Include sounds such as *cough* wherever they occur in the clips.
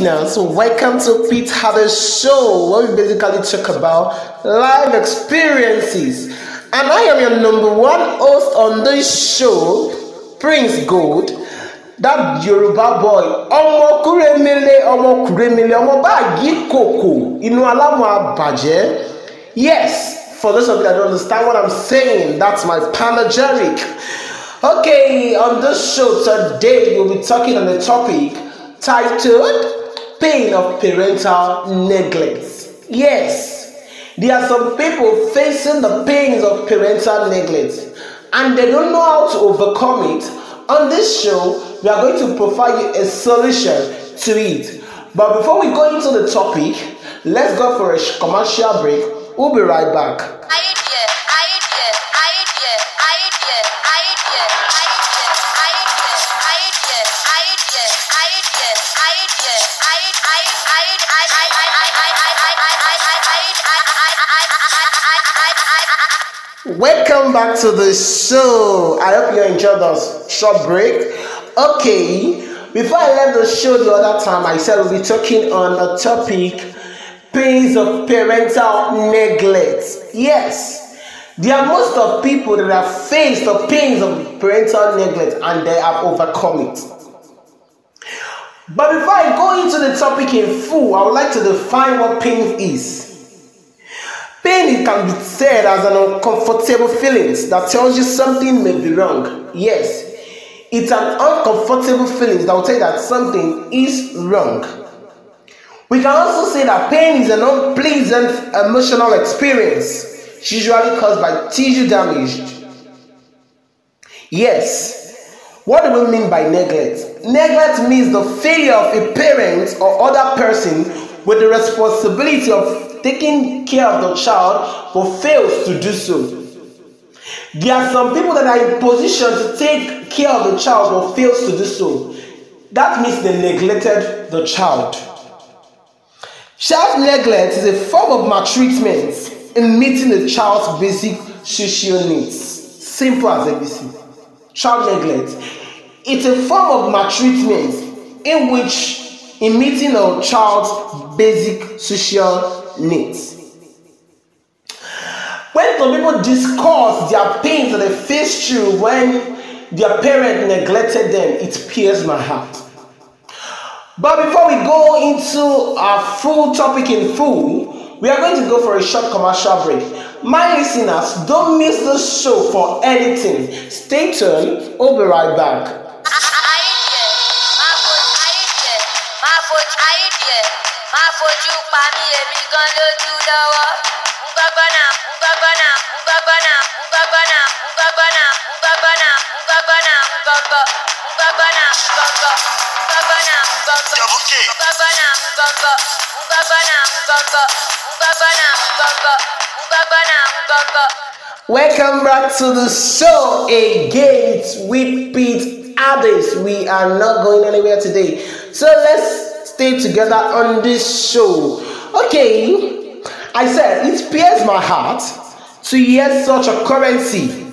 listeners, welcome to Pete Harder's show where we basically talk about live experiences. And I am your number one host on this show, Prince Gold, that Yoruba boy, Ọmọ Kuremile, Ọmọ Kuremile, Ọmọ Bagi Koko, Inu Abaje. Yes, for those of you that don't understand what I'm saying, that's my panegyric. Okay, on this show today, we'll be talking on the topic titled pain of parental neglect. Yes, there are some people facing the pains of parental neglect and they don't know how to overcome it. On this show, we are going to provide you a solution to it. But before we go into the topic, let's go for a commercial break. We'll be right back. Welcome back to the show. I hope you enjoyed the short break. Okay, before I left the show the other time, I said we'll be talking on a topic pains of parental neglect. Yes, there are most of people that have faced the pains of parental neglect and they have overcome it. But before I go into the topic in full, I would like to define what pain is. Pain can be said as an uncomfortable feeling that tells you something may be wrong. Yes, it's an uncomfortable feeling that will tell you that something is wrong. We can also say that pain is an unpleasant emotional experience, usually caused by tissue damage. Yes, what do we mean by neglect? Neglect means the failure of a parent or other person with the responsibility of taking care of the child but fails to do so. There are some people that are in position to take care of the child but fails to do so. That means they neglected the child. Child neglect is a form of maltreatment in meeting the child's basic social needs. Simple as ABC. Child neglect. It's a form of maltreatment in which in meeting a child's basic social needs. When some people discuss their pains that they face through when their parent neglected them, it pierces my heart. But before we go into our full topic in full, we are going to go for a short commercial break. My listeners, don't miss this show for anything. Stay tuned, we'll be right back. mami èmi gan lójú lọ́wọ́ ngbọ́gbọ́nà ngbọ́gbọ́nà ngbọ́gbọ́nà ngbọ́gbọ́nà ngbọ́gbọ́nà ngbọ́gbọ́nà ngbọ́gbọ́nà ngbọ́gbọ́ ngbọ́gbọ́nà ngbọ́gbọ́ ngbọ́gbọ́nà ngbọ́gbọ́ ngbọ́gbọ́nà ngbọ́gbọ́ ngbọ́gbọ́nà ngbọ́gbọ́ ngbọ́gbọ́nà ngbọ́gbọ́ ngbọ́gbọ́nà ngbọ́gbọ́. Welcome back to the show again with Pete Addis. We are not going anywhere today. So let's stay together on this show. Okay, I said it pierces my heart to hear such a currency.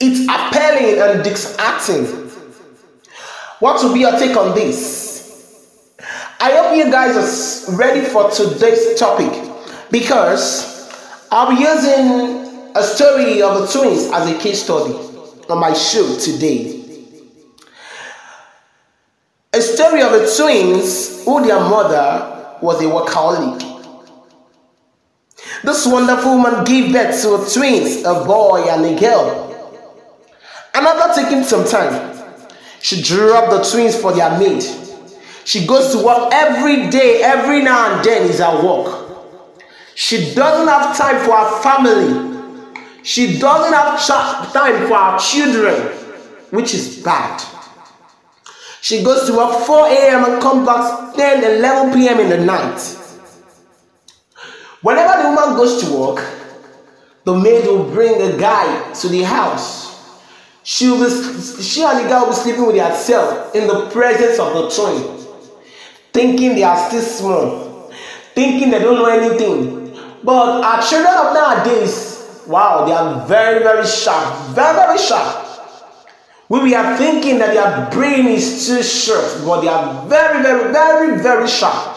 It's appalling and disheartening. What will be your take on this? I hope you guys are ready for today's topic because I'll be using a story of the twins as a case study on my show today. A story of the twins who their mother was a workaholic. This wonderful woman gave birth to twins, a boy and a girl. And after taking some time, she drew up the twins for their maid. She goes to work every day, every now and then is her work. She doesn't have time for her family. She doesn't have time for her children, which is bad. She goes to work 4 a.m. and comes back 10, 11 p.m. in the night. Whenever the woman goes to work, the maid will bring a guy to the house. She'll be, she and the guy will be sleeping with herself in the presence of the twin, thinking they are still small, thinking they don't know anything. But our children of nowadays, wow, they are very, very sharp, very, very sharp. when we are thinking that their brain is too short, but they are very, very, very, very sharp.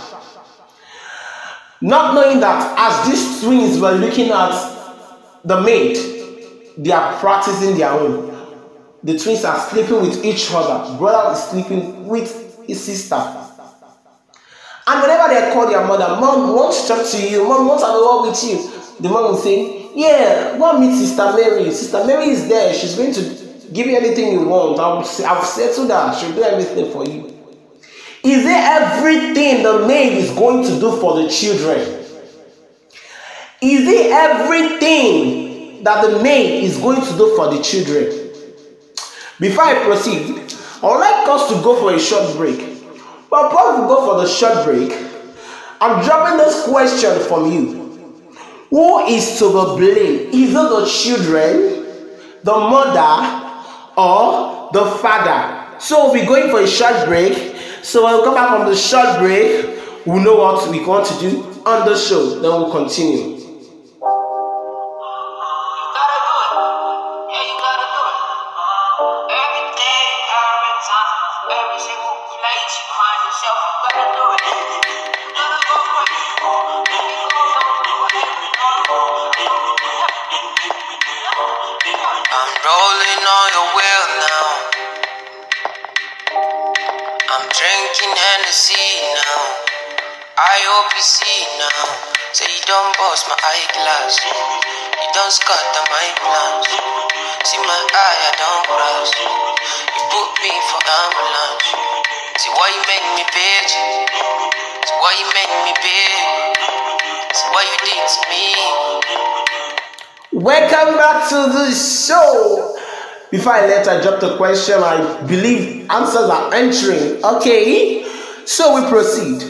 Not knowing that as these twins were looking at the maid, they are practicing their own. The twins are sleeping with each other. Brother is sleeping with his sister. And whenever they call their mother, Mom wants to talk to you, Mom wants to go with you, the mom will say, Yeah, go meet Sister Mary. Sister Mary is there, she's going to Give you anything you want. I've settled that. She'll do everything for you. Is it everything the maid is going to do for the children? Is it everything that the maid is going to do for the children? Before I proceed, I'd like us to go for a short break. But before we go for the short break, I'm dropping this question from you. Who is to be blamed? Is it the children, the mother, or the Father. So we're going for a short break. So when we come back from the short break, we'll know what we want to do on the show. Then we'll continue. Drinking Hennessy now. I hope you see now. Say so you don't bust my eyeglass. You don't scatter my plans. See my eye, I don't cross. You put me for ambulance. See why you make me bitch. See why you make me bitch. See why you did to me. Welcome back to the show. Before I let I drop the question. I believe answers are entering. Okay, so we proceed.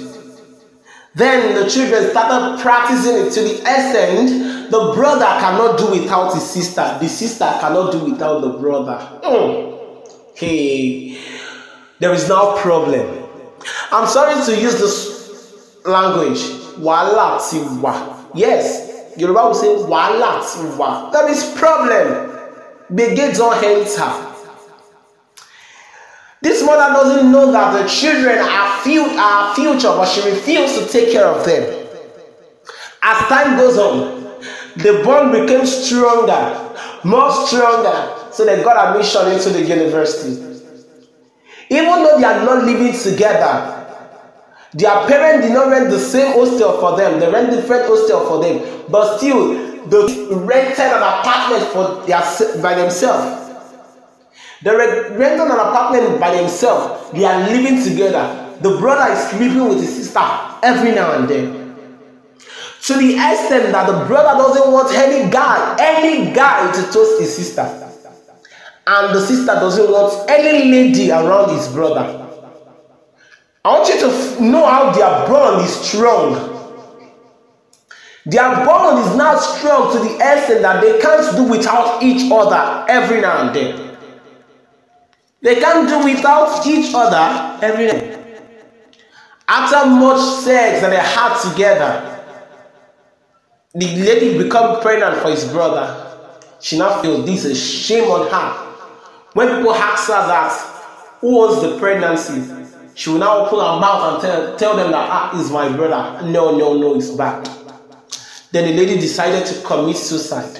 Then the children started practicing it to the extent the brother cannot do without his sister. The sister cannot do without the brother. Mm. Okay, there is no problem. I'm sorry to use this language. Wala Yes, Yoruba will say wala tiwa. That is problem. Bill Gates don't hate her. This mother doesn't know that the children are, few, are future, but she refused to take care of them. As time goes on, the bond became stronger, more stronger, so they got admission into the university. Even though they are not living together, Their parents did not rent the same hostel for them, they rent different hostel for them, but still they rented an apartment for their by themselves. They rented an apartment by themselves. They are living together. The brother is sleeping with his sister every now and then. To the extent that the brother doesn't want any guy, any guy to toast his sister. And the sister doesn't want any lady around his brother. I want you to know how their bond is strong. Their bond is now strong to the extent that they can't do without each other every now and then. They can't do without each other every now and then. After much sex that they had together, the lady become pregnant for his brother. She now feels this is shame on her. When people ask her that, who was the pregnancy? she will now open her mouth and tell, tell them that ah, it's my brother. No, no, no, it's bad. Then the lady decided to commit suicide.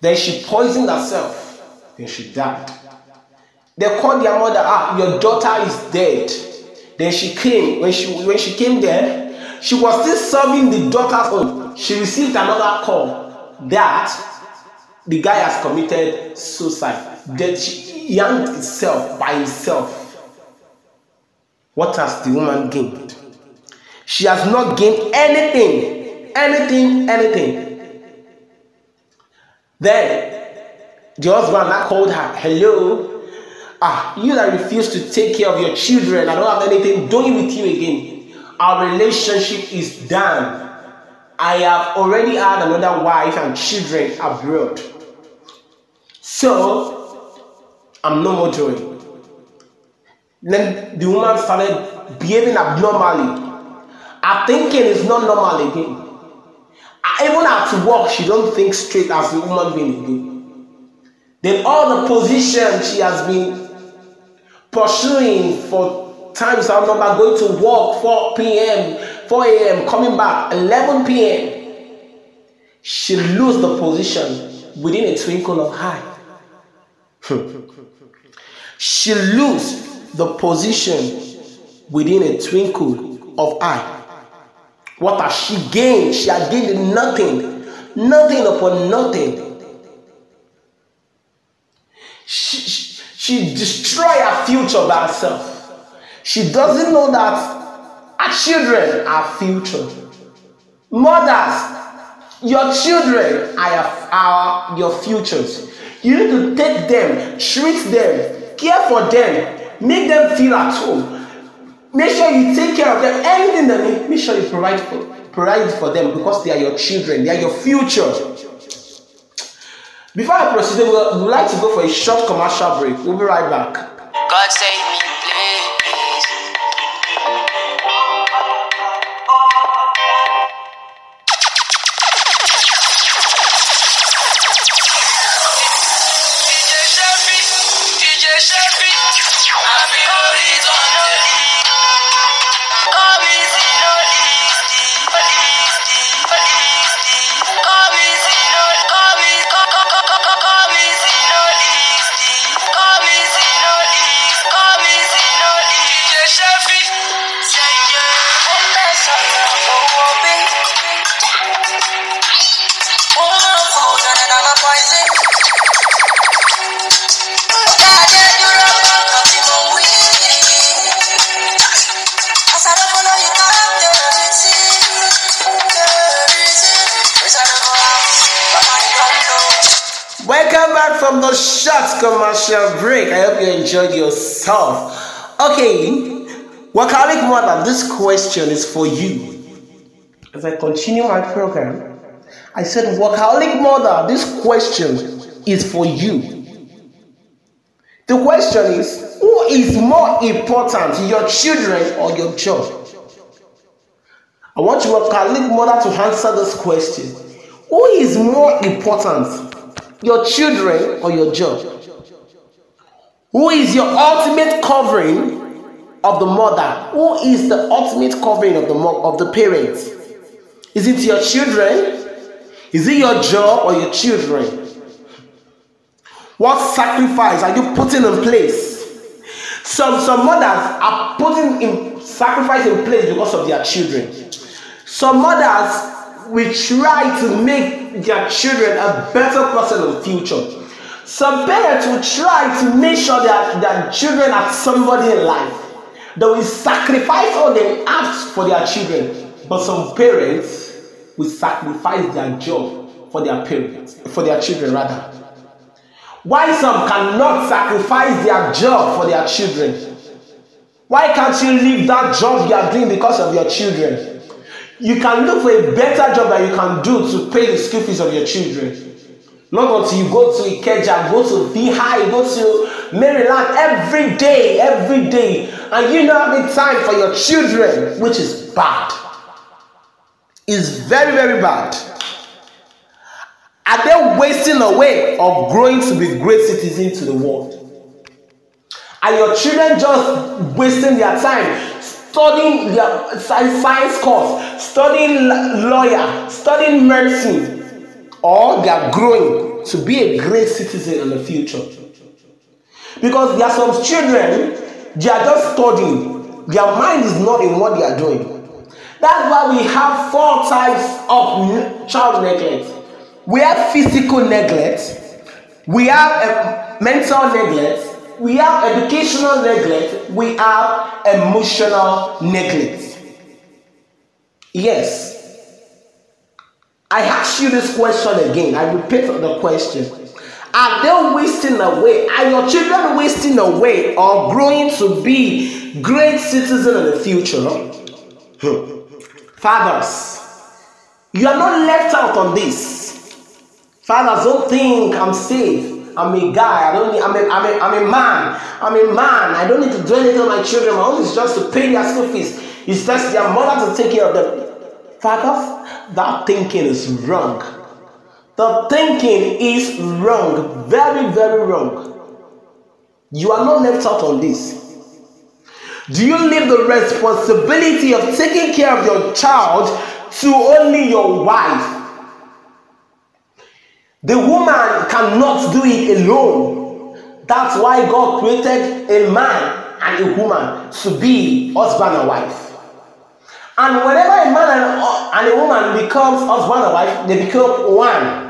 Then she poisoned herself. Then she died. They called their mother, ah, your daughter is dead. Then she came. When she when she came there, she was still serving the daughter's home. She received another call that the guy has committed suicide. That she yanked itself by himself. What has the woman gained? She has not gained anything, anything, anything. Then the husband that called her, Hello, ah, you that refuse to take care of your children, I don't have anything doing with you again. Our relationship is done. I have already had another wife and children abroad. So, I'm no more doing. Then the woman started behaving abnormally. Her thinking is not normal again. Even at work, she don't think straight as a woman being again. Then all the positions she has been pursuing for times I remember going to work 4 p.m., 4 a.m., coming back 11 p.m. She lose the position within a twinkle of eye. *laughs* she lose the position within a twinkle of eye. What has she gained? She had gained nothing, nothing upon nothing. She, she, she destroyed her future by herself. She doesn't know that her children are future. Mothers, your children are, are your futures. You need to take them, treat them, care for them, Make them feel at home. Make sure you take care of them. Anything they need, make sure you provide for, provide for them because they are your children, they are your future. Before I proceed, we would like to go for a short commercial break. We'll be right back. God save. from the short commercial break. I hope you enjoyed yourself. Okay, Wakalik mother, this question is for you. As I continue my program, I said, Workaholic Mother, this question is for you. The question is, who is more important, your children or your job? I want you, colleague mother to answer this question. Who is more important, your children, or your job? Who is your ultimate covering of the mother? Who is the ultimate covering of the mo- of the parents? Is it your children? Is it your job or your children? What sacrifice are you putting in place? Some some mothers are putting in sacrifice in place because of their children. Some mothers we try to make their children a better person in the future. Some parents will try to make sure that their children have somebody in life. They will sacrifice all they have for their children. But some parents will sacrifice their job for their parents, for their children rather. Why some cannot sacrifice their job for their children? Why can't you leave that job you are doing because of your children? you can look for a better job that you can do to pay the school fees of your children. Not until you go to Ikeja, go to Vihai, go to Maryland every day, every day, and you don't have the time for your children, which is bad. It's very, very bad. Are they wasting away of growing to be great citizens to the world? Are your children just wasting their time? studying their science course, studying lawyer, studying medicine, or they are growing to be a great citizen in the future. Because there are some children, they are just studying. Their mind is not in what they are doing. That's why we have four types of child neglect. We have physical neglect, we have um, mental neglect, we have educational neglect, we have emotional neglect. Yes. I ask you this question again. I repeat the question. Are they wasting away? Are your children wasting away or growing to be great citizens in the future? Hmm. Fathers, you are not left out on this. Fathers, don't think I'm safe. I'm a guy. I don't need, I'm a, I'm a, I'm a man. I'm a man. I don't need to do anything with my children. My home is just to pay their school fees. It's just their mother to take care of them. Fuck That thinking is wrong. The thinking is wrong. Very, very wrong. You are not left out on this. Do you leave the responsibility of taking care of your child to only your wife? The woman cannot do it alone. That's why God created a man and a woman to be husband and wife. And whenever a man and, a woman becomes husband and wife, they become one.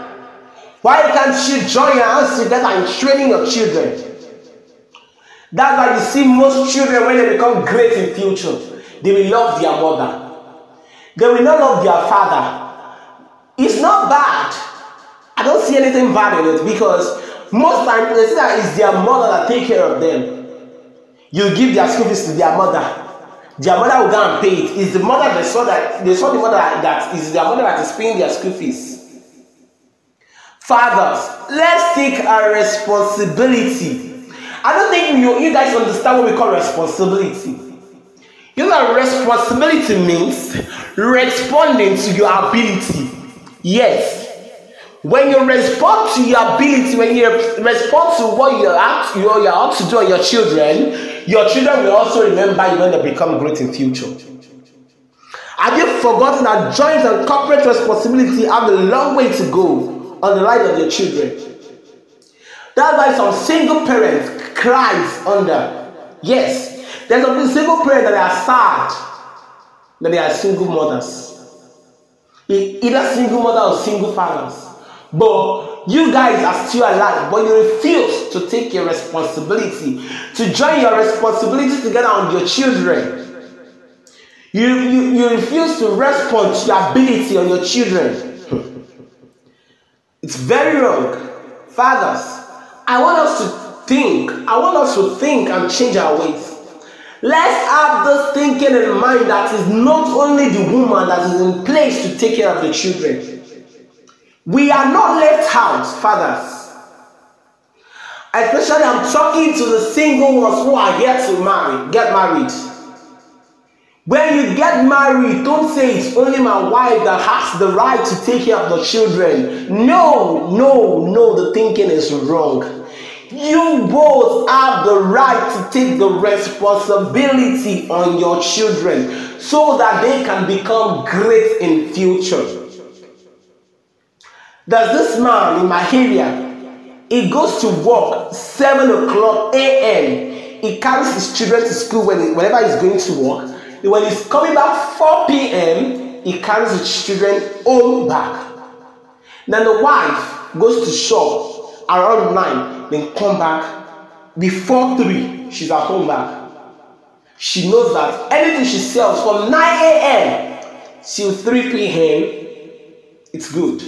Why can't she join your hands together and training your children? That's why you see most children when they become great in future, they will love their mother. They will not love their father. It's not bad I don't see anything bad in it because most times they say that it's their mother that take care of them. You give their school fees to their mother. Their mother will go and pay it. It's the mother they saw that they saw the mother that is their mother that is paying their school fees. Fathers, let's take our responsibility. I don't think you, you guys understand what we call responsibility. You know, responsibility means responding to your ability. Yes, When you respond to your ability, when you respond to what you out, you're, you're out to do on your children, your children will also remember you when they become great in future. Have you forgotten that joint and corporate responsibility have a long way to go on the life of your children? That's why some single parents cries under. Yes, there's some single parents that are sad that they are single mothers. E-, either single mother or single fathers. But you guys are still alive, but you refuse to take your responsibility, to join your responsibility together with your children. You, you, you refuse to respond to your ability on your children. *laughs* it's very wrong. Fathers, I want us to think, I want us to think and change our ways. Let's have this thinking in mind that is not only the woman that is in place to take care of the children. We are not left out, fathers. Especially, I'm talking to the single ones who are here to marry, get married. When you get married, don't say it's only my wife that has the right to take care of the children. No, no, no, the thinking is wrong. You both have the right to take the responsibility on your children so that they can become great in future. Does this man in my He goes to work 7 o'clock a.m. He carries his children to school when he, whenever he's going to work. When he's coming back 4 p.m., he carries his children home back. Then the wife goes to shop around 9, then come back before 3. She's at home back. She knows that anything she sells from 9 a.m. till 3 p.m. it's good.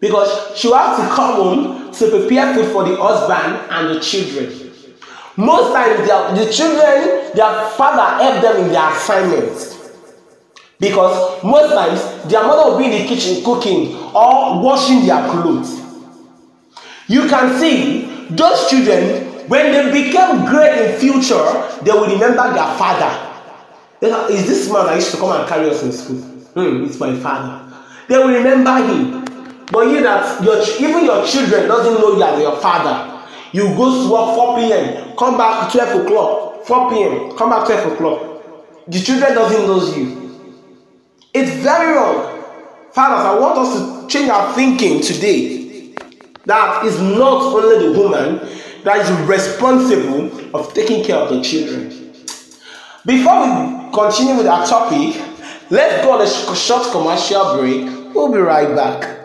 Because she will have to come home to prepare food for the husband and the children. Most times, the, children, their father help them in their assignments. Because most times, their mother will be in the kitchen cooking or washing their clothes. You can see those children, when they become great in future, they will remember their father. Ah, is this man I used to come and carry us in school? Hmm, it's my father. They will remember him. But you that your even your children doesn't know you are your father. You go to work 4 p.m., come back 12 o'clock, 4 p.m., come back 12 o'clock. The children doesn't know you. It's very wrong. Fathers, I want us to change our thinking today. That is not only the woman that is responsible of taking care of the children. Before we continue with our topic, let's go on a short commercial break. We'll be right back.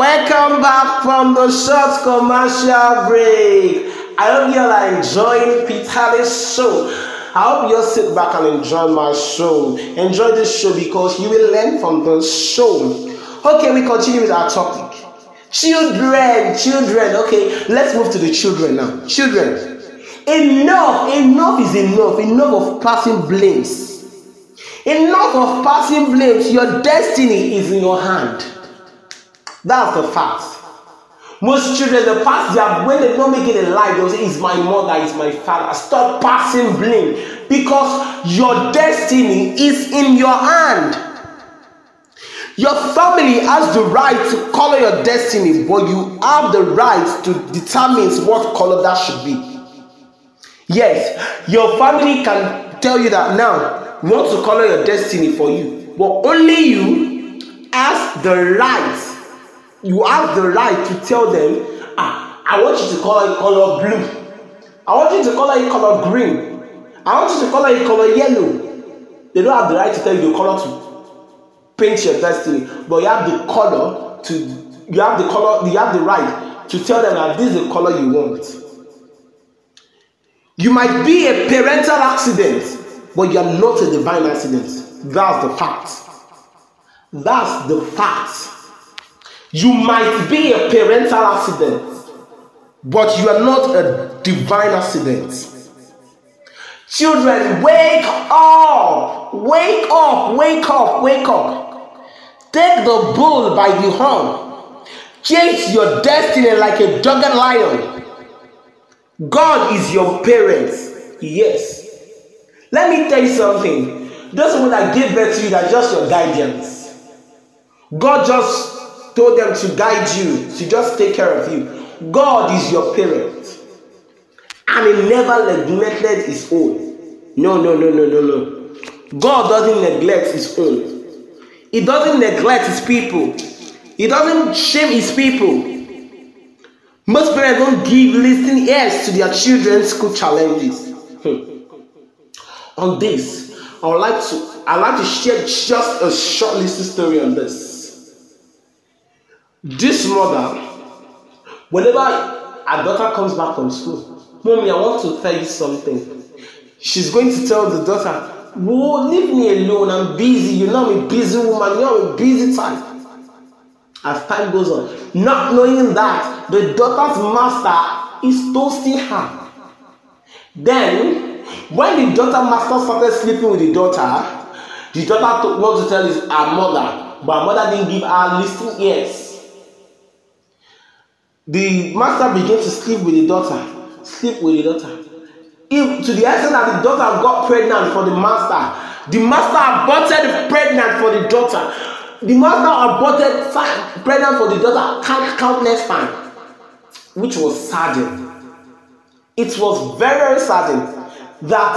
Welcome back from the short commercial break. I hope you all are enjoying Peter's show. I hope you will sit back and enjoy my show. Enjoy this show because you will learn from the show. Okay, we continue with our topic. Children, children. Okay, let's move to the children now. Children. Enough, enough is enough. Enough of passing blames. Enough of passing blames. Your destiny is in your hand. That's the fact. Most children, the past they have, when they don't make it in life, they'll say, It's my mother, it's my father. Stop passing blame because your destiny is in your hand. Your family has the right to color your destiny, but you have the right to determine what color that should be. Yes, your family can tell you that now, want to color your destiny for you, but only you has the right you have the right to tell them ah i want you to color it color blue i want you to color it color green i want you to color it color yellow they don't have the right to tell you the color to paint your destiny but you have the color to you have the color you have the right to tell them that this is the color you want you might be a parental accident but you are not a divine accident that's the fact that's the fact You might be a parental accident, but you are not a divine accident. Children, wake up! Wake up! Wake up! Wake up! Take the bull by the horn. Chase your destiny like a and lion. God is your parent. Yes. Let me tell you something. Those who that give birth to you, are just your guidance. God just told them to guide you, to just take care of you. God is your parent. And he never neglected his own. No, no, no, no, no, no. God doesn't neglect his own. He doesn't neglect his people. He doesn't shame his people. Most parents don't give listening ears to their children's school challenges. Hmm. On this, I would like to I would like to share just a short little story on this. This mother, whenever her daughter comes back from school, Mommy, I want to tell you something. She's going to tell the daughter, Whoa, leave me alone. I'm busy. You know, I'm a busy woman. You know, I'm a busy type. As time goes on, not knowing that the daughter's master is toasting her. Then, when the daughter master started sleeping with the daughter, the daughter took to tell his her mother, but her mother didn't give her listening ears the master began to sleep with the daughter sleep with the daughter if to the extent that the daughter got pregnant for the master the master aborted pregnant for the daughter the master aborted pregnant for the daughter count countless times which was saddened it was very very saddened that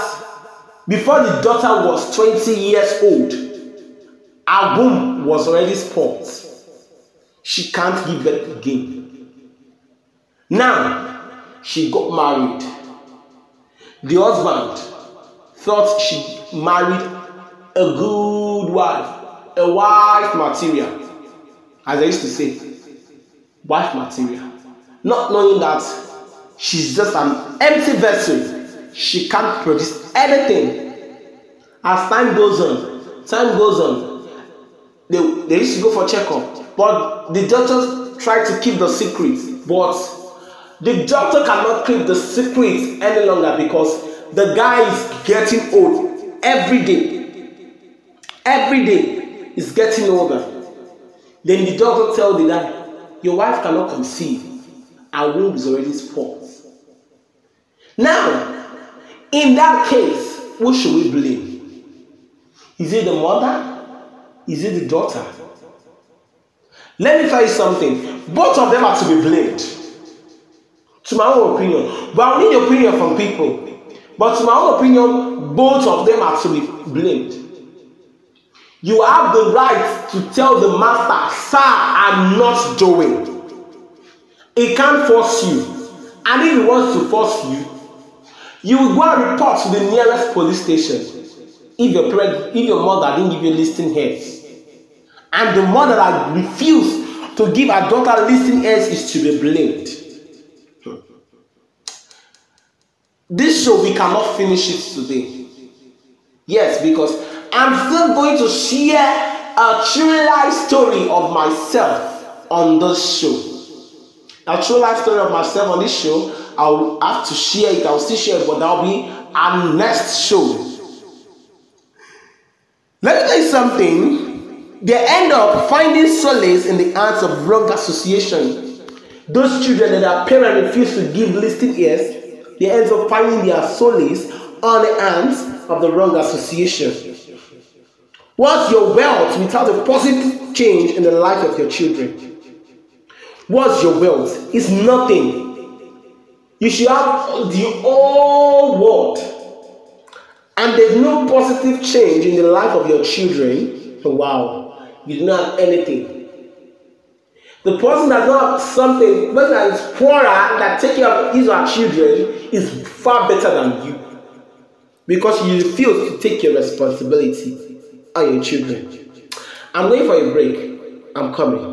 before the daughter was twenty years old her womb was already spoilt she can't give birth again Now, she got married. The husband thought she married a good wife, a wife material, as I used to say, wife material. Not knowing that she's just an empty vessel, she can't produce anything. As time goes on, time goes on, they, they used to go for checkup, but the doctors tried to keep the secret, but The doctor cannot keep the secret any longer because the guy is getting old every day. Every day is getting older. Then the doctor tell the guy, your wife cannot conceive. Her womb is already spoiled. Now, in that case, who should we blame? Is it the mother? Is it the daughter? Let me tell you something. Both of them are to be blamed to my own opinion. But I need opinion from people. But to my own opinion, both of them are to be blamed. You have the right to tell the master, sir, I'm not doing. He can't force you. And if he wants to force you, you will go and report to the nearest police station if your parent, if your mother didn't give you listening ears. And the mother that refused to give her daughter listening ears is to be blamed. This show, we cannot finish it today. Yes, because I'm still going to share a true life story of myself on this show. A true life story of myself on this show, I'll have to share it. I'll still share it, but that'll be our next show. Let me tell you something. They end up finding solace in the hands of wrong association. Those children that their parents refuse to give listening ears They end up finding their solace on the arms of the wrong association. What's your wealth without a positive change in the life of your children? What's your wealth? It's nothing. You should have the whole world, and there's no positive change in the life of your children. Wow, you don't have anything. The person that's not something, the person that is poorer that take care of his or her children is far better than you. Because you refuse to take your responsibility on your children. I'm waiting for a break. I'm coming.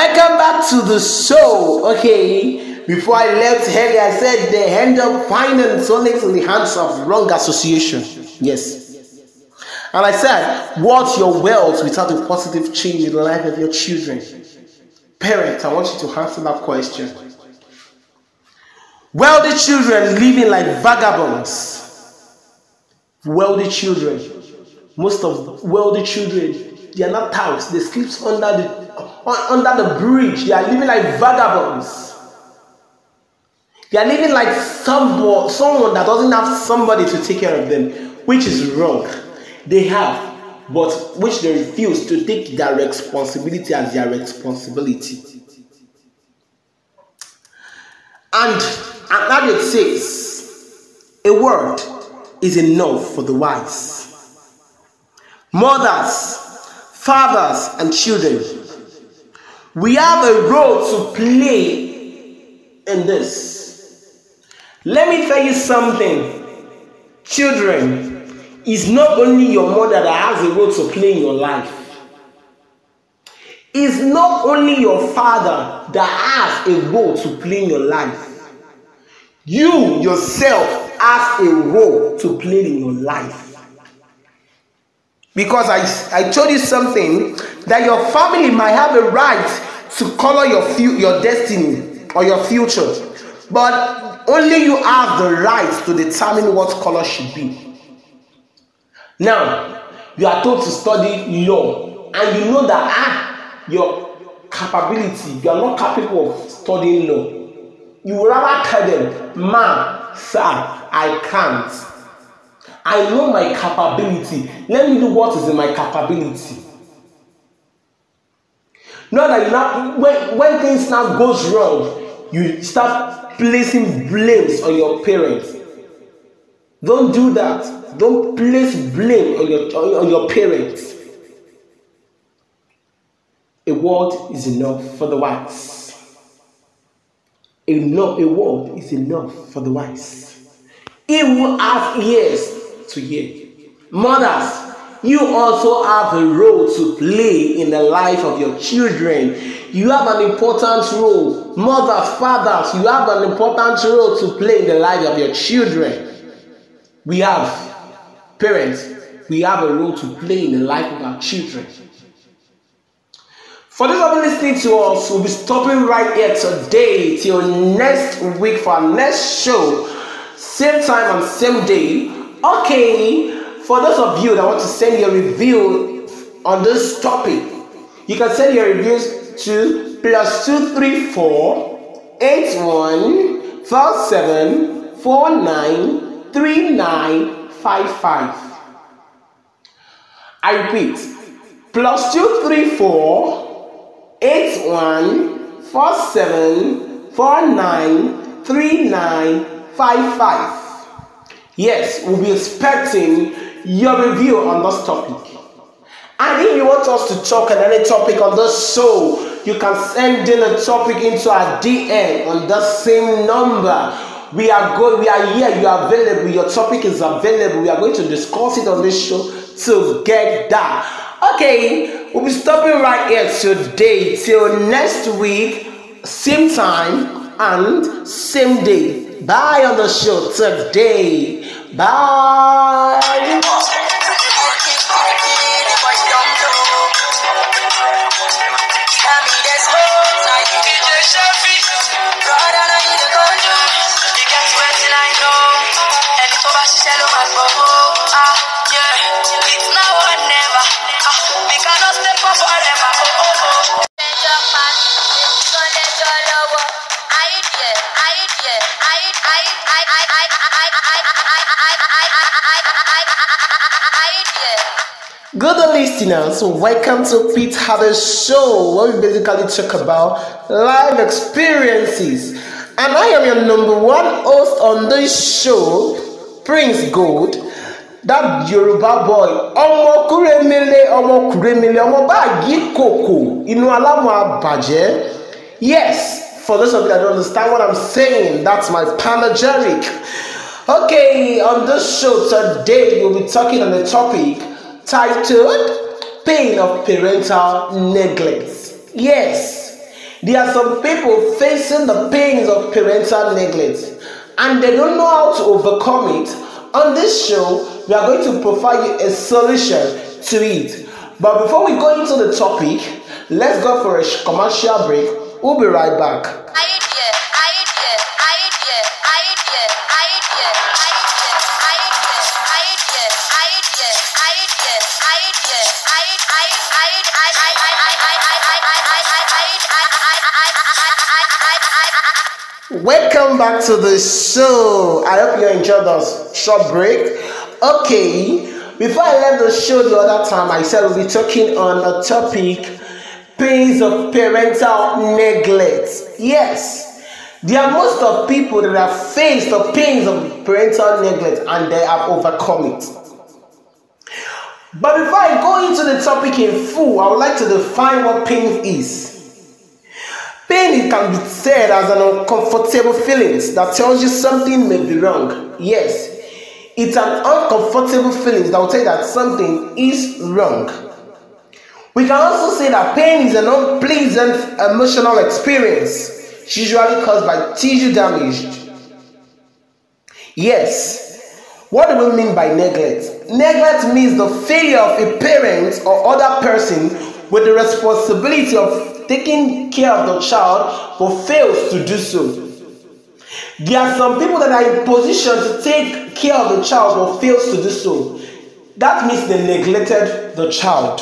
Welcome back to the show. Okay, before I left here, I said they end up finance only in the hands of wrong association. Yes. And I said, "What's your wealth without a positive change in the life of your children. Parents, I want you to answer that question. Wealthy children living like vagabonds. Wealthy children, most of wealthy children, they are not touts, they sleep under the under the bridge. They are living like vagabonds. They are living like someone, someone that doesn't have somebody to take care of them, which is wrong. They have, but which they refuse to take their responsibility as their responsibility. And, and that it says, a word is enough for the wise. Mothers, fathers, and children we have a role to play in this. Let me tell you something, children. It's not only your mother that has a role to play in your life. It's not only your father that has a role to play in your life. You yourself have a role to play in your life. Because I, I told you something that your family might have a right to color your, fu- your destiny or your future, but only you have the right to determine what color should be. Now, you are told to study law, and you know that ah, your capability, you are not capable of studying law. You will rather tell them, "Ma'am, sir, I can't. I know my capability. Let me do what is in my capability. Now that you now when, when things now goes wrong, you start placing blames on your parents. Don't do that. Don't place blame on your on your parents. A word is enough for the wise. Enough. a word is enough for the wise. He will have ears, to hear. Mothers, you also have a role to play in the life of your children. You have an important role. Mothers, fathers, you have an important role to play in the life of your children. We have parents, we have a role to play in the life of our children. For those of you listening to us, we'll be stopping right here today till next week for our next show. Same time and same day. Okay, for those of you that want to send your review on this topic, you can send your reviews to plus two three four eight one four seven four nine three nine five five. I repeat, plus two three four eight one four seven four nine three nine five five. Yes, we'll be expecting your review on this topic. And if you want us to talk on any topic on this show, you can send in a topic into our DM on the same number. We are going, we are here, you are available, your topic is available. We are going to discuss it on this show to get that. Okay, we'll be stopping right here today. Till next week, same time and same day. Bye on the show today. Bye. Hello, listeners. Welcome to Pete Harder's show, where we basically talk about live experiences. And I am your number one host on this show, Prince Gold. That Yoruba boy, ọmọ kúrẹ́mílẹ̀ omo kúrẹ́mílẹ̀ ọmọ báàgì kòkò inú alámọ̀ àbàjẹ́. Yes, for those of you that don't understand what I'm saying, that's my panegyric. Okay, on this show today, we'll be talking on the topic titled Pain of Parental Neglect. Yes, there are some people facing the pains of parental neglect and they don't know how to overcome it. On this show, we are going to provide you a solution to it. But before we go into the topic, let's go for a commercial break. We'll be right back. Welcome back to the show. I hope you enjoyed the short break. Okay, before I left the show the other time, I said we'll be talking on a topic pains of parental neglect. Yes, there are most of people that have faced the pains of parental neglect and they have overcome it. But before I go into the topic in full, I would like to define what pain is. Pain can be said as an uncomfortable feeling that tells you something may be wrong. Yes, it's an uncomfortable feeling that will tell you that something is wrong. We can also say that pain is an unpleasant emotional experience, usually caused by tissue damage. Yes, what do we mean by neglect? Neglect means the failure of a parent or other person with the responsibility of taking care of the child but fails to do so. There are some people that are in position to take care of the child but fails to do so. That means they neglected the child.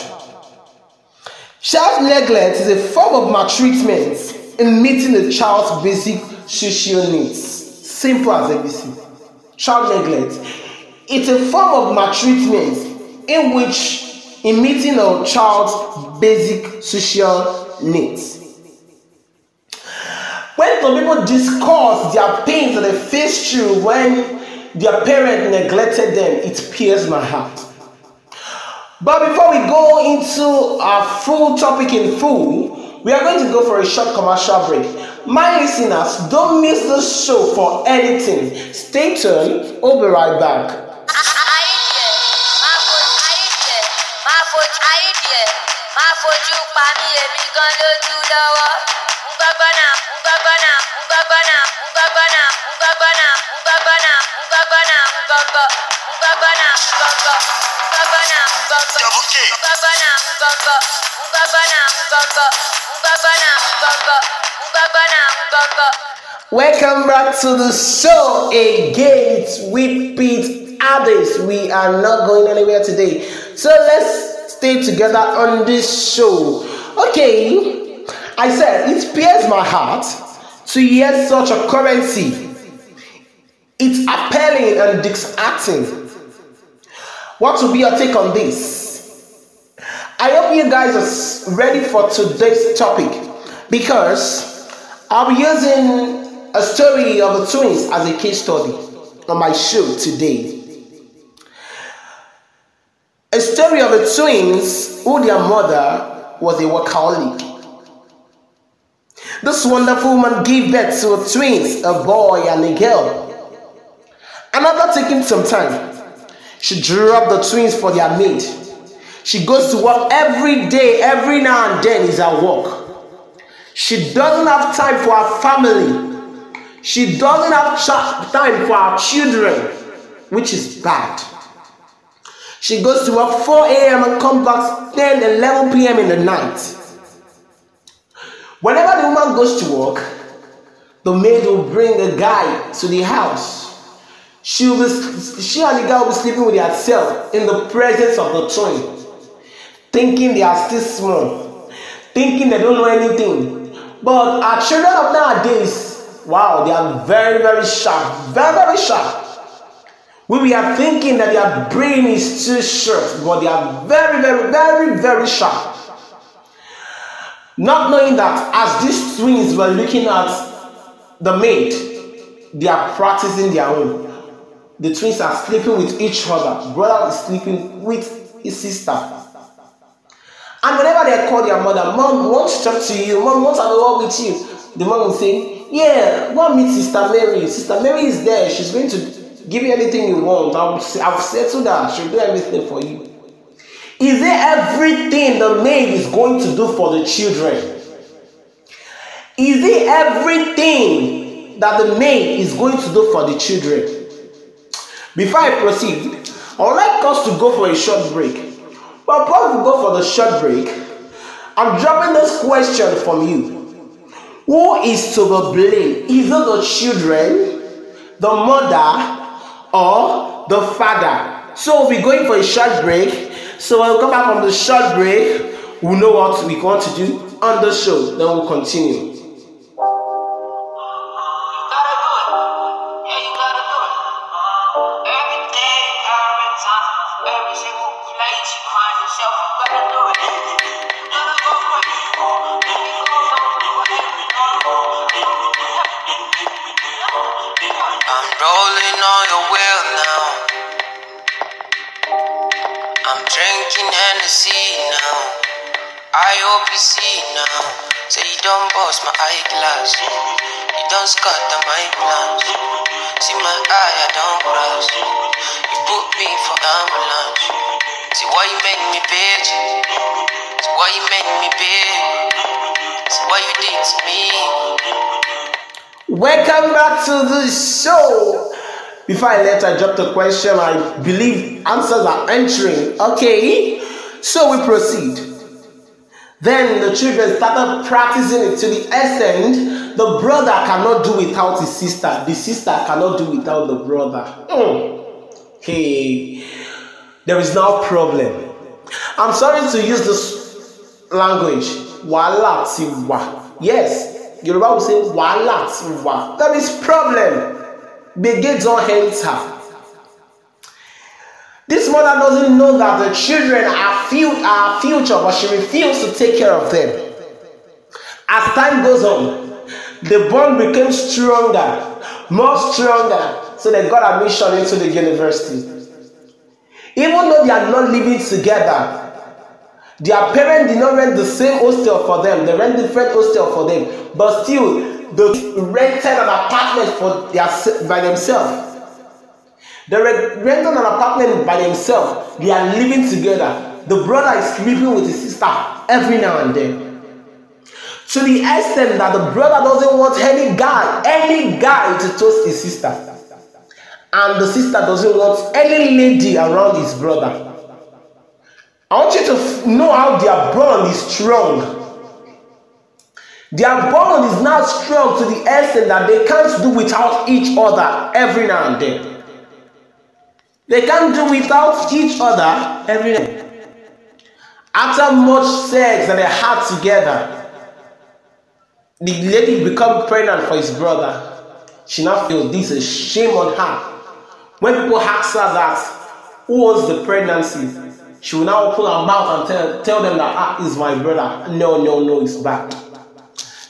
Child neglect is a form of maltreatment in meeting the child's basic social needs. Simple as ABC. Child neglect. It's a form of maltreatment in which in meeting our child's basic social needs. When some people discuss their pains that they face through when their parent neglected them, it pierces my heart. But before we go into our full topic in full, we are going to go for a short commercial break. My listeners, don't miss this show for anything. Stay tuned, we'll be right back. Welcome back to the show again with Pete Addis. We are not going anywhere today. So let's stay together on this show. Okay, I said, it pierces my heart to hear such a currency. It's appalling and disheartening. What will be your take on this? I hope you guys are ready for today's topic because i will be using a story of the twins as a case study on my show today. A story of the twins who their mother was a workaholic this wonderful woman gave birth to twins, a boy and a girl. And after taking some time, she drew up the twins for their meat. She goes to work every day, every now and then is at work. She doesn't have time for her family. She doesn't have time for her children, which is bad. She goes to work 4 a.m. and comes back 10, 11 p.m. in the night. Whenever the woman goes to work, the maid will bring a guy to the house. She'll be, she and the guy will be sleeping with herself in the presence of the twin, thinking they are still small, thinking they don't know anything. But our children of nowadays, wow, they are very, very sharp, very, very sharp. We are thinking that their brain is too short, but they are very, very, very, very sharp. Not knowing that as these twins were looking at the maid, they are practicing their own. The twins are sleeping with each other. Brother is sleeping with his sister. And whenever they call their mother, Mom wants to talk to you, Mom wants to go with you, the mom will say, Yeah, go meet Sister Mary. Sister Mary is there. She's going to give you anything you want. I'll, I'll settle that. She'll do everything for you. Is there everything the maid is going to do for the children? Is it everything that the maid is going to do for the children? Before I proceed, I would like us to go for a short break. But before we go for the short break, I'm dropping this question from you. Who is to be blamed? Either the children, the mother, or the father? So we're going for a short break. So we'll come back from the short break, we'll know what we want to do on the show. Then we'll continue. Drinking Hennessy now. I hope you see now. Say you don't bust my eyeglass. You don't scatter my plans. See my eye, I don't cross. You put me for ambulance. See why you make me bitch. See why you make me bitch. See why you did to me. Welcome back to the show. Before I let her drop the question, I believe answers are entering. Okay, so we proceed. Then the children started practicing it to the extent the brother cannot do without his sister, the sister cannot do without the brother. Mm. Okay, there is no problem. I'm sorry to use this language. Wala tiwa. Yes, Yoruba will say wala tiwa. There is problem. Bill Gates don't hate her. This mother doesn't know that the children are, few, are future, but she refused to take care of them. As time goes on, the bond became stronger, more stronger, so they got admission into the university. Even though they are not living together, their parents did not rent the same hostel for them, they rent different hostel for them, but still they rented an apartment for their, by themselves. They rented an apartment by themselves. They are living together. The brother is sleeping with his sister every now and then. To the extent that the brother doesn't want any guy, any guy to toast his sister. And the sister doesn't want any lady around his brother. I want you to know how their bond is strong. Their bond is now strong to the extent that they can't do without each other every now and then. They can't do without each other every now and then. After much sex that they had together, the lady become pregnant for his brother. She now feels this is shame on her. When people ask her that, who was the pregnancy? She will now open her mouth and tell, tell them that, ah, it's my brother. No, no, no, it's bad.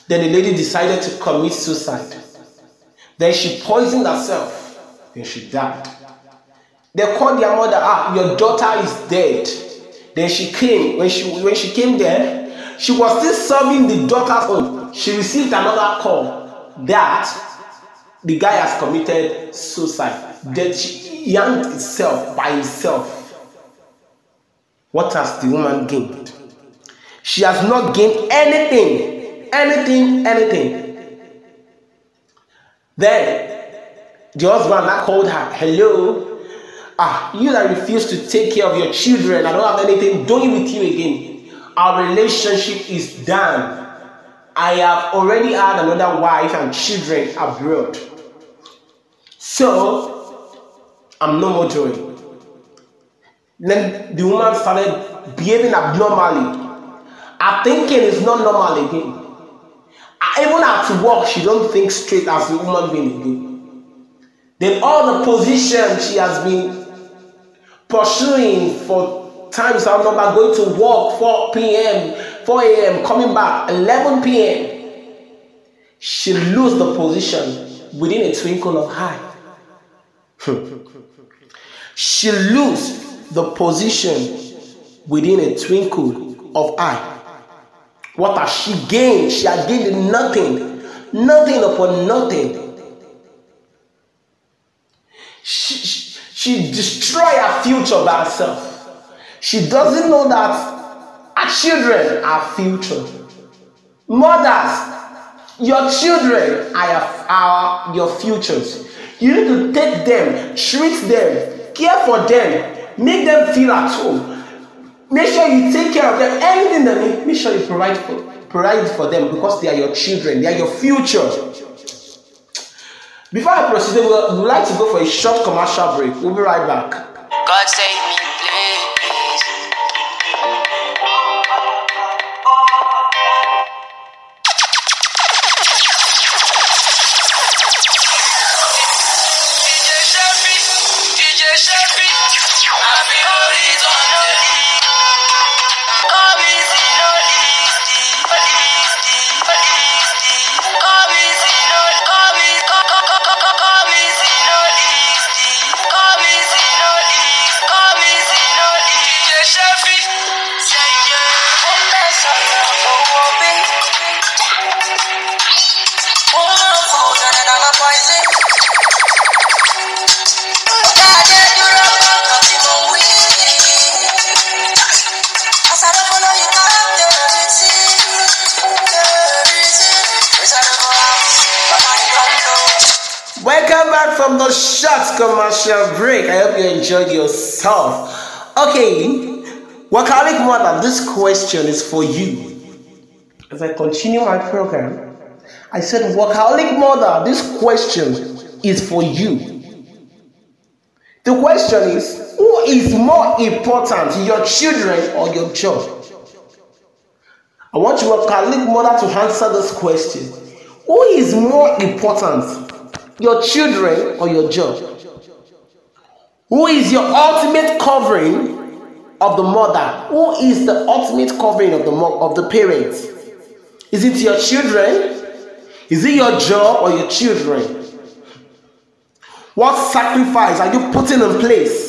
Then the lady decided to commit suicide. Then she poisoned herself. Then she died. They called their mother, ah, your daughter is dead. Then she came. When she when she came there, she was still serving the daughter's home. She received another call that the guy has committed suicide. That she yanked itself by himself. What has the woman gained? She has not gained anything anything, anything. Then the husband that called her, hello, ah, you that refuse to take care of your children, I don't have anything doing with you again. Our relationship is done. I have already had another wife and children abroad. So I'm no more doing. Then the woman started behaving abnormally. Her thinking is not normal again. even at work, she don't think straight as a woman being do. Then all the position she has been pursuing for times I remember going to work 4 p.m., 4 a.m., coming back 11 p.m. She lose the position within a twinkle of eye. *laughs* she lose the position within a twinkle of eye. What has she gained? She has gained nothing, nothing upon nothing. She, she, she destroyed her future by herself. She doesn't know that her children are future. Mothers, your children are, are your futures. You need to take them, treat them, care for them, make them feel at home Make sure you take care of them. Anything that need, make sure you provide for, provide for them because they are your children, they are your future. Before I proceed, we would like to go for a short commercial break. We'll be right back. God save me. from the short commercial break. I hope you enjoyed yourself. Okay, Wakalik Mother, this question is for you. As I continue my program, I said, Workaholic Mother, this question is for you. The question is, who is more important, your children or your job? I want you, Workaholic Mother, to answer this question. Who is more important, your children, or your job? Who is your ultimate covering of the mother? Who is the ultimate covering of the mo- of the parents? Is it your children? Is it your job or your children? What sacrifice are you putting in place?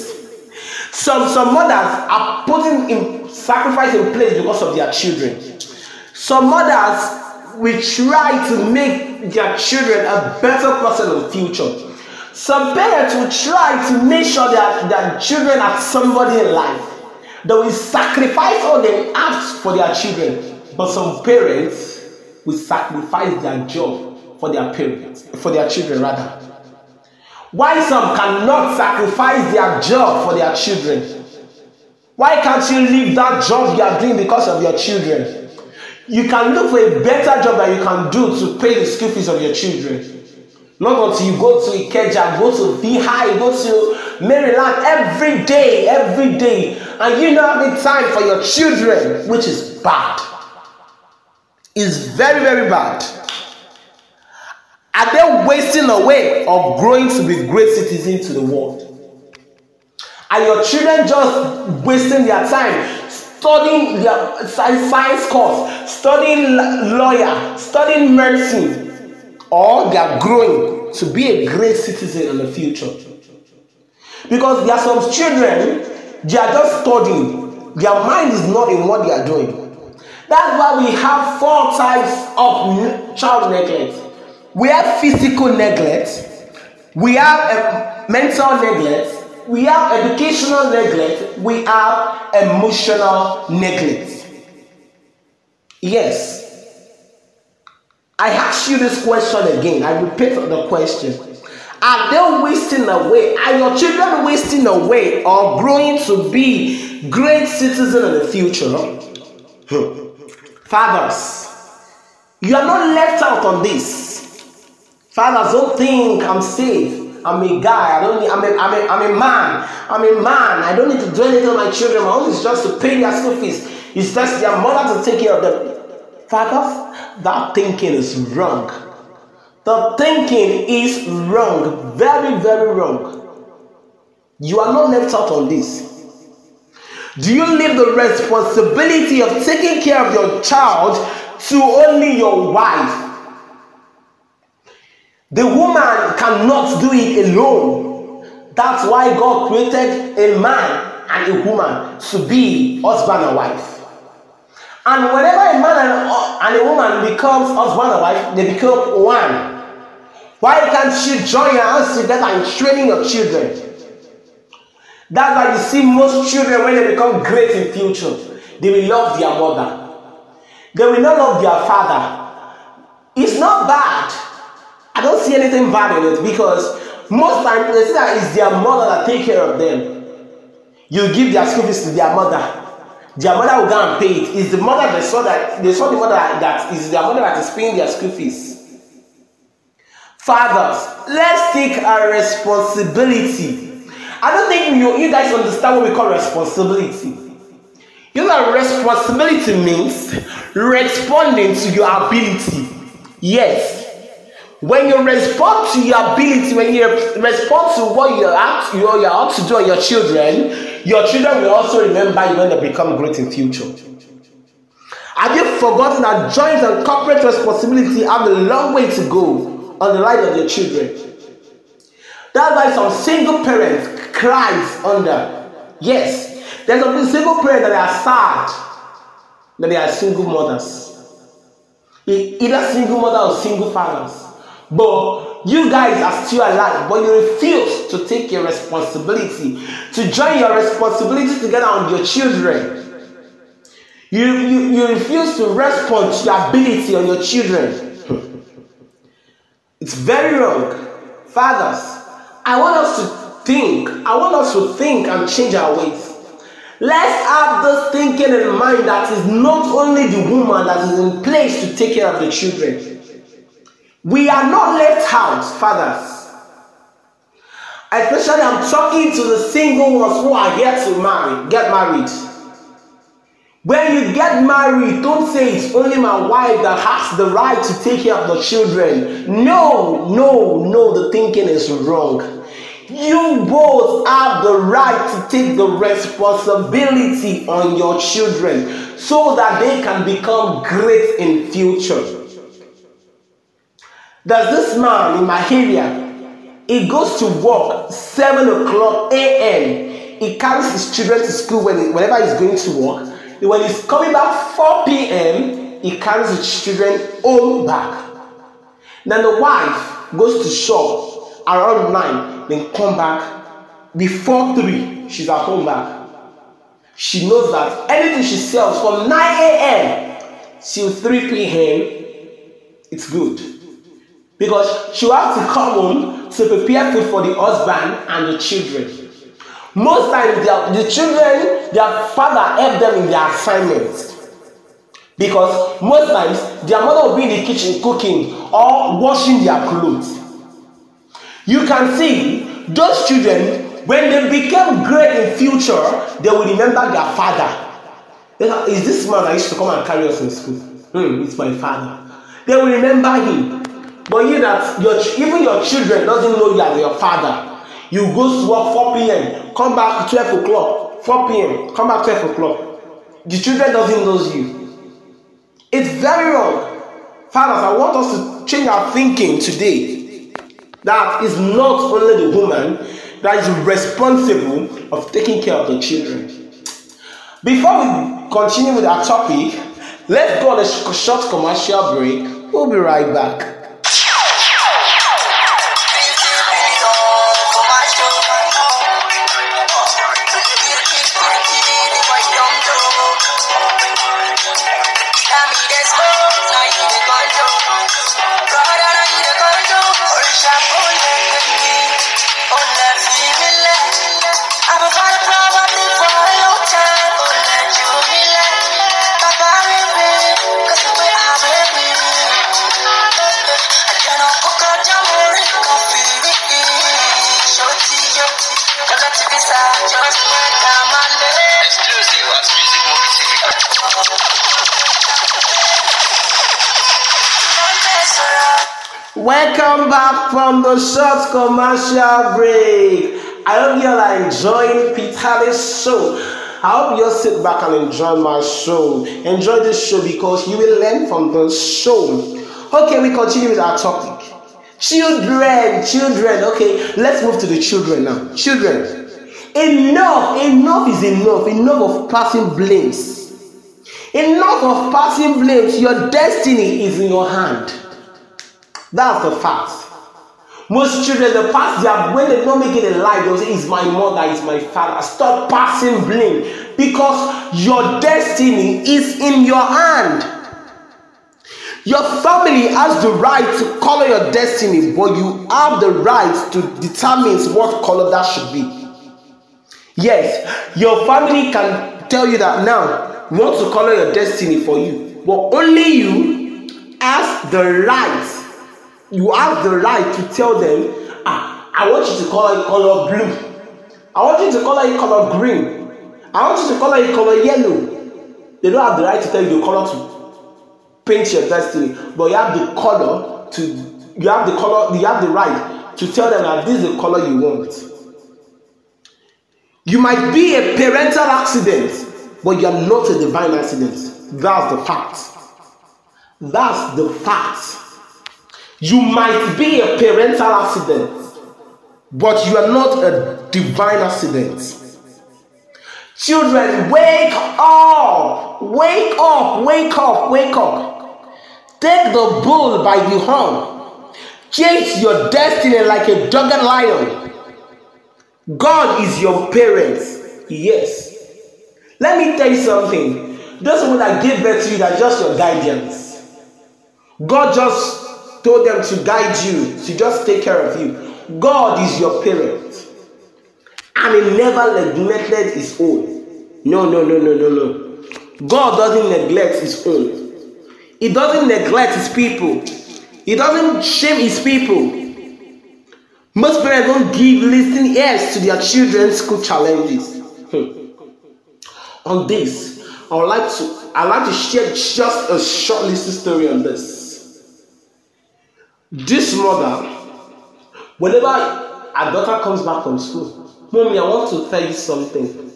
Some some mothers are putting in sacrifice in place because of their children. Some mothers we try to make their children a better person in the future. Some parents will try to make sure that their children are somebody in life. They will sacrifice all they have for their children. But some parents will sacrifice their job for their parents, for their children rather. Why some cannot sacrifice their job for their children? Why can't you leave that job you are doing because of your children? you can look for a better job that you can do to pay the school fees of your children. Not until you go to Ikeja, go to Vihai, go to Maryland every day, every day, and you don't have the time for your children, which is bad. It's very, very bad. Are they wasting away of growing to be great citizens to the world? Are your children just wasting their time studying their science course, studying lawyer, studying medicine, or they are growing to be a great citizen in the future. Because there are some children, they are just studying. Their mind is not in what they are doing. That's why we have four types of child neglect. We have physical neglect, we have um, mental neglect, we have educational neglect, we have emotional neglect. Yes. I ask you this question again. I repeat the question. Are they wasting away? Are your children wasting away or growing to be great citizens in the future? Fathers, you are not left out on this. Fathers, don't think I'm safe. I'm a guy. I don't need, I'm a, I'm a, I'm a man. I'm a man. I don't need to do anything with my children. My home is just to pay their school fees. It's just their mother to take care of them. Fuck That thinking is wrong. The thinking is wrong. Very, very wrong. You are not left out on this. Do you leave the responsibility of taking care of your child to only your wife? The woman cannot do it alone. That's why God created a man and a woman to be husband and wife. And whenever a man and, a woman becomes husband and wife, they become one. Why can't you join your hands together and training your children? That's why you see most children when they become great in future, they will love their mother. They will not love their father. It's not bad I don't see anything bad in it because most times they say that it's their mother that take care of them. You give their school fees to their mother. Their mother will go and pay it. It's the mother they saw that they saw the mother that is their mother that is paying their school fees. Fathers, let's take our responsibility. I don't think you, you guys understand what we call responsibility. You know, responsibility means responding to your ability. Yes, when you respond to your ability, when you respond to what you're you're, out to do on your children, your children will also remember you when they become great in future. Have you forgotten that joint and corporate responsibility have a long way to go on the life of your children? That's why some single parents cries under. Yes, there's some single parents that are sad that they are single mothers. Either single mother or single fathers. But you guys are still alive, but you refuse to take your responsibility, to join your responsibility together with your children. You, you, you refuse to respond to your ability on your children. *laughs* it's very wrong. Fathers, I want us to think, I want us to think and change our ways. Let's have this thinking in mind that is not only the woman that is in place to take care of the children. We are not left out, fathers. Especially, I'm talking to the single ones who are here to marry, get married. When you get married, don't say it's only my wife that has the right to take care of the children. No, no, no, the thinking is wrong. You both have the right to take the responsibility on your children so that they can become great in future. Does this man in my He goes to work 7 o'clock a.m. He carries his children to school when he, whenever he's going to work. When he's coming back 4 p.m., he carries his children home back. Then the wife goes to shop around 9, then come back before 3. She's at home back. She knows that anything she sells from 9 a.m. till 3 p.m., it's good because she will have to come home to prepare food for the husband and the children. Most times, their, the children, their father help them in their assignments. Because most times, their mother will be in the kitchen cooking or washing their clothes. You can see those children, when they become great in future, they will remember their father. Ah, is this man I used to come and carry us in school? Hmm, it's my father. They will remember him. But you that your even your children doesn't know you are your father. You go to work 4 p.m., come back 12 o'clock, 4 p.m., come back 12 o'clock. The children doesn't know you. It's very wrong. Fathers, I want us to change our thinking today. That is not only the woman that is responsible of taking care of the children. Before we continue with our topic, let's go on a short commercial break. We'll be right back. that's Welcome back from the short commercial break. I hope you all are enjoying Pete Harris' show. I hope you sit back and enjoy my show. Enjoy this show because you will learn from the show. Okay, we continue with our topic. Children, children. Okay, let's move to the children now. Children. Enough, enough is enough. Enough of passing blames. Enough of passing blames. Your destiny is in your hand. That's the fact. Most children, the past they are when they don't make it in life, they'll say, It's my mother, it's my father. Stop passing blame because your destiny is in your hand. Your family has the right to color your destiny, but you have the right to determine what color that should be. Yes, your family can tell you that now, want to color your destiny for you, but only you has the right you have the right to tell them ah i want you to color it color blue i want you to color it color green i want you to color it color yellow they don't have the right to tell you the color to paint your destiny but you have the color to you have the color you have the right to tell them that this is the color you want you might be a parental accident but you are not a divine accident that's the fact that's the fact You might be a parental accident, but you are not a divine accident. Children, wake up! Wake up! Wake up! Wake up! Take the bull by the horn. Chase your destiny like a dogged lion. God is your parent. Yes. Let me tell you something. Those who that give birth to you are just your guidance. God just told them to guide you, to just take care of you. God is your parent. And he never neglected his own. No, no, no, no, no, no. God doesn't neglect his own. He doesn't neglect his people. He doesn't shame his people. Most parents don't give listening ears to their children's school challenges. Hmm. On this, I would like to I would like to share just a short little story on this. This mother, whenever her daughter comes back from school, Mommy, I want to tell you something.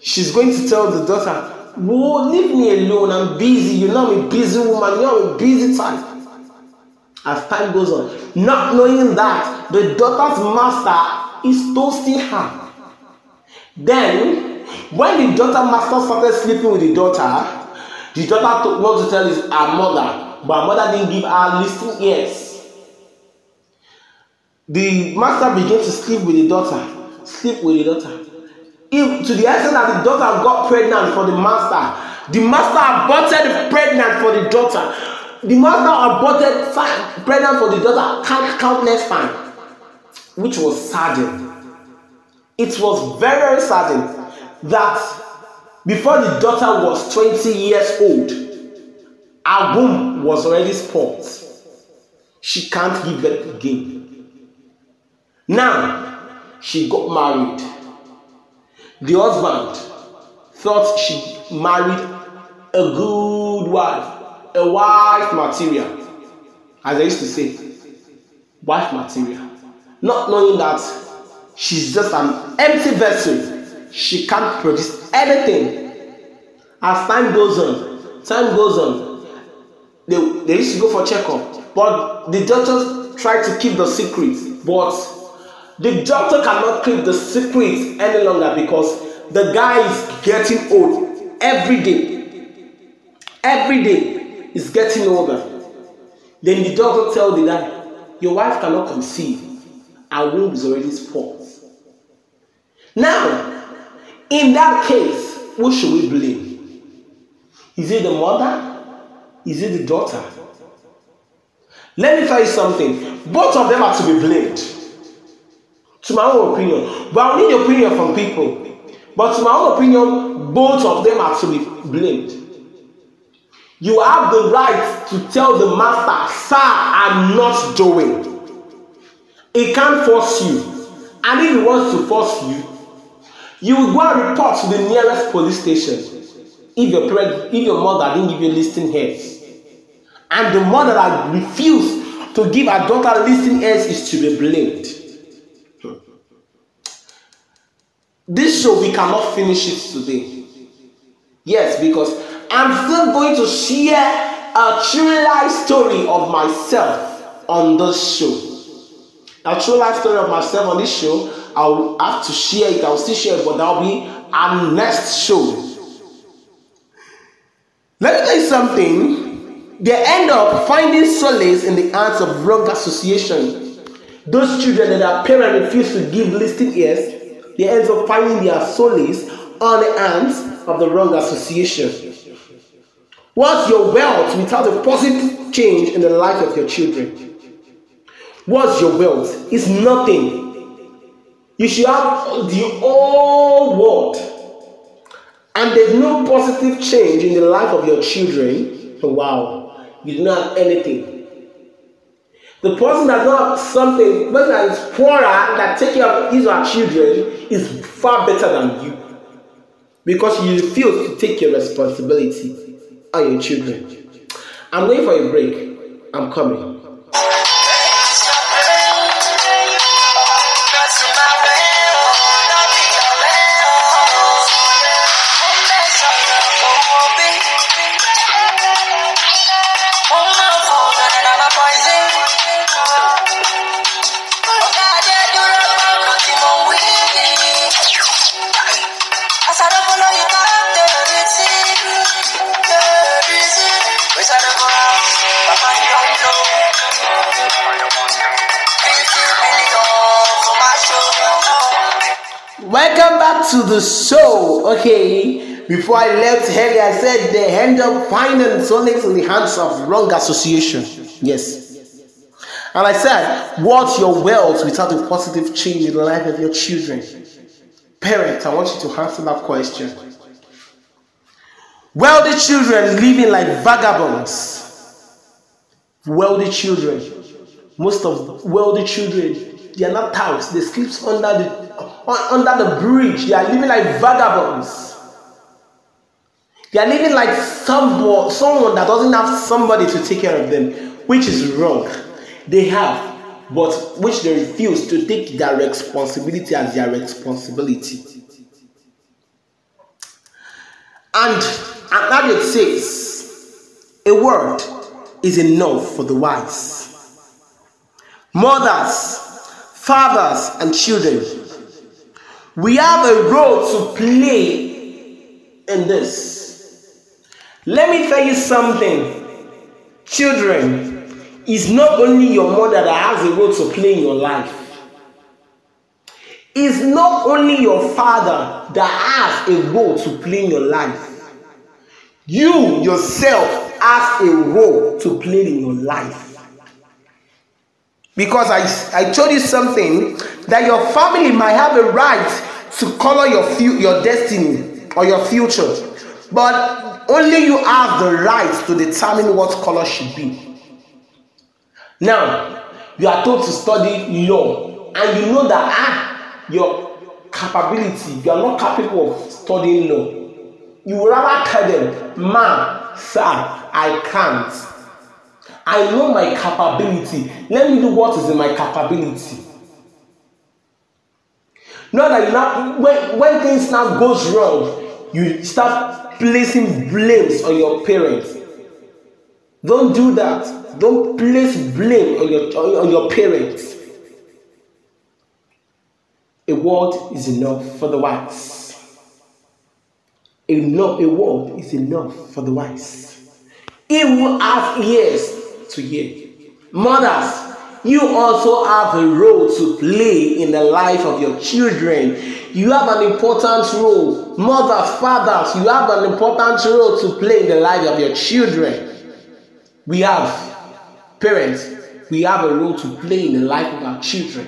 She's going to tell the daughter, Whoa, leave me alone. I'm busy. You know, I'm a busy woman. You know, I'm a busy type. As time goes on, not knowing that the daughter's master is toasting her. Then, when the daughter master started sleeping with the daughter, the daughter to, to tell his her mother, but her mother didn't give her listening ears. The master began to sleep with the daughter, sleep with the daughter. If, to the extent that the daughter got pregnant for the master, the master aborted pregnant for the daughter. The master aborted fine, pregnant for the daughter count, countless times, which was saddened. It was very, very saddened that before the daughter was twenty years old, her womb was already spoiled. She can't give birth again. Now, she got married. The husband thought she married a good wife, a wife material, as I used to say, wife material. Not knowing that she's just an empty vessel, she can't produce anything. As time goes on, time goes on, they, they used to go for checkup, but the doctors tried to keep the secret, but The doctor cannot keep the secret any longer because the guy is getting old every day. Every day is getting older. Then the doctor tell the guy, your wife cannot conceive. Her womb is already spoiled. Now, in that case, who should we blame? Is it the mother? Is it the daughter? Let me tell you something. Both of them are to be blamed to my own opinion. But I need opinion from people. But to my own opinion, both of them are to be blamed. You have the right to tell the master, sir, I'm not doing. He can't force you. And if he wants to force you, you will go and report to the nearest police station if your parent, if your mother didn't give you listening ears. And the mother that refused to give her daughter listening ears is to be blamed. This show, we cannot finish it today. Yes, because I'm still going to share a true life story of myself on this show. A true life story of myself on this show, I'll have to share it. I'll still share it, but that'll be our next show. Let me tell you something. They end up finding solace in the hands of wrong association. Those children that their parents refuse to give listening ears They end up finding their solace on the arms of the wrong association. What's your wealth without a positive change in the life of your children? What's your wealth? It's nothing. You should have the whole world, and there's no positive change in the life of your children. Wow, you do not have anything. The person that's not something, the person that is poorer, that take care of his or children, is far better than you. Because you refuse to take your responsibility on your children. I'm going for a break. I'm coming. to the soul. Okay. Before I left Henry, I said they end up finding only in the hands of wrong association. Yes. And I said, what your wealth without a positive change in the life of your children? Parents, I want you to answer that question. Wealthy children living like vagabonds. Wealthy children, most of wealthy children, they are not touts. They sleep under the under the bridge. They are living like vagabonds. They are living like someone, someone that doesn't have somebody to take care of them, which is wrong. They have, but which they refuse to take their responsibility as their responsibility. And at it says, a word is enough for the wise. Mothers, fathers, and children we have a role to play in this. Let me tell you something. Children, it's not only your mother that has a role to play in your life. It's not only your father that has a role to play in your life. You yourself have a role to play in your life. Because I, I told you something that your family might have a right to color your, fu- your destiny or your future, but only you have the right to determine what color should be. Now, you are told to study law, and you know that ah, your capability, you are not capable of studying law. You will rather tell them, ma, sir, I can't. I know my capability. Let me do what is in my capability. Not that you now when, when things now goes wrong, you start placing blames on your parents. Don't do that. Don't place blame on your on your parents. A word is enough for the wise. Enough, a word is enough for the wise. He who has ears, to hear. Mothers, you also have a role to play in the life of your children. You have an important role. Mothers, fathers, you have an important role to play in the life of your children. We have parents, we have a role to play in the life of our children.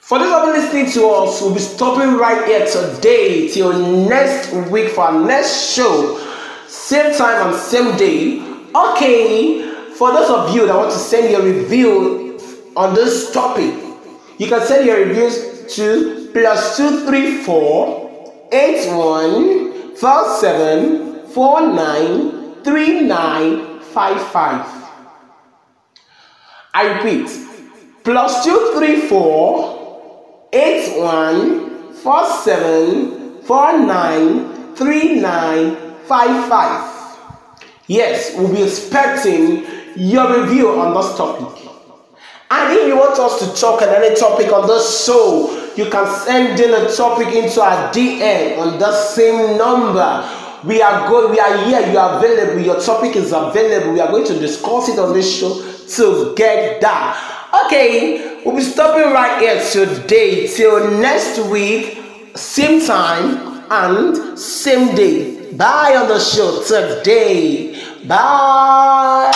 For those of you listening to us, we'll be stopping right here today till next week for our next show. Same time and same day. Okay, for those of you that want to send your review on this topic, you can send your reviews to plus two three four eight one four seven four nine three nine five five. I repeat, plus two three four eight one four seven four nine three nine five five. Yes, we'll be expecting your review on this topic. And if you want us to talk on any topic on this show, you can send in a topic into our DM on the same number. We are going, we are here, you are available, your topic is available. We are going to discuss it on this show to get that. Okay, we'll be stopping right here today. Till next week, same time and same day. Bye on the show today. Bye.